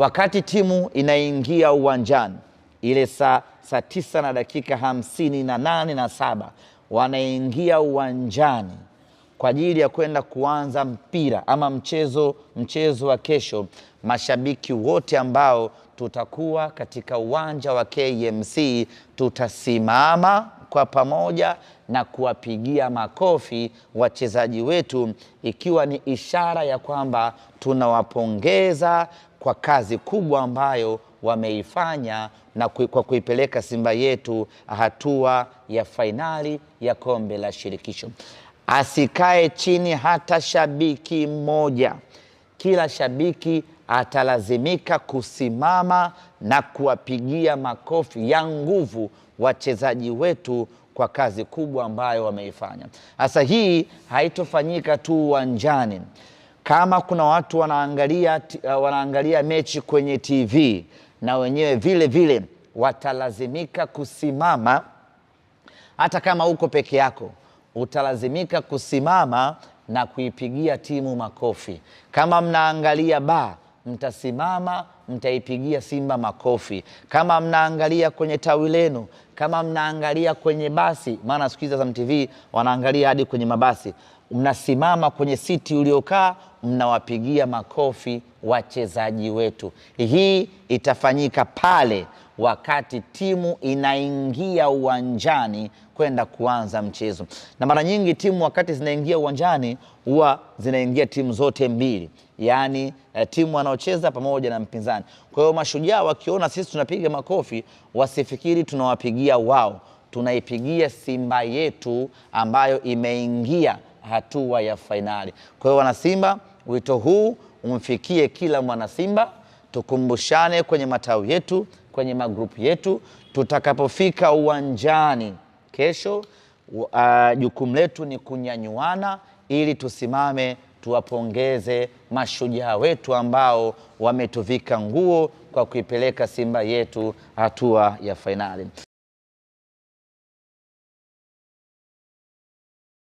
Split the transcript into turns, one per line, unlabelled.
wakati timu inaingia uwanjani ile saa saa tisa na dakika hamsini na nane na saba wanaingia uwanjani kwa ajili ya kwenda kuanza mpira ama mchezo mchezo wa kesho. Mashabiki wote ambao tutakuwa katika uwanja wa KMC tutasimama kwa pamoja na kuwapigia makofi wachezaji wetu, ikiwa ni ishara ya kwamba tunawapongeza kwa kazi kubwa ambayo wameifanya na kwa kuipeleka Simba yetu hatua ya fainali ya kombe la shirikisho. Asikae chini hata shabiki mmoja, kila shabiki atalazimika kusimama na kuwapigia makofi ya nguvu wachezaji wetu kwa kazi kubwa ambayo wameifanya. Sasa hii haitofanyika tu uwanjani. Kama kuna watu wanaangalia, uh, wanaangalia mechi kwenye TV na wenyewe vile vile watalazimika kusimama. Hata kama uko peke yako, utalazimika kusimama na kuipigia timu makofi. Kama mnaangalia baa mtasimama mtaipigia Simba makofi. Kama mnaangalia kwenye tawi lenu, kama mnaangalia kwenye basi, maana siku hizi Azam TV wanaangalia hadi kwenye mabasi, mnasimama kwenye siti uliokaa, mnawapigia makofi wachezaji wetu. Hii itafanyika pale wakati timu inaingia uwanjani kwenda kuanza mchezo. Na mara nyingi timu wakati zinaingia uwanjani huwa zinaingia timu zote mbili, yaani eh, timu wanaocheza pamoja na mpinzani. Kwa hiyo Mashujaa wakiona sisi tunapiga makofi, wasifikiri tunawapigia wao, tunaipigia Simba yetu ambayo imeingia hatua ya fainali. Kwa hiyo wanasimba, wito huu umfikie kila mwanasimba tukumbushane kwenye matawi yetu, kwenye magrupu yetu. Tutakapofika uwanjani kesho, uh, jukumu uh, letu ni kunyanyuana ili tusimame tuwapongeze mashujaa wetu ambao wametuvika nguo kwa kuipeleka Simba yetu hatua ya fainali.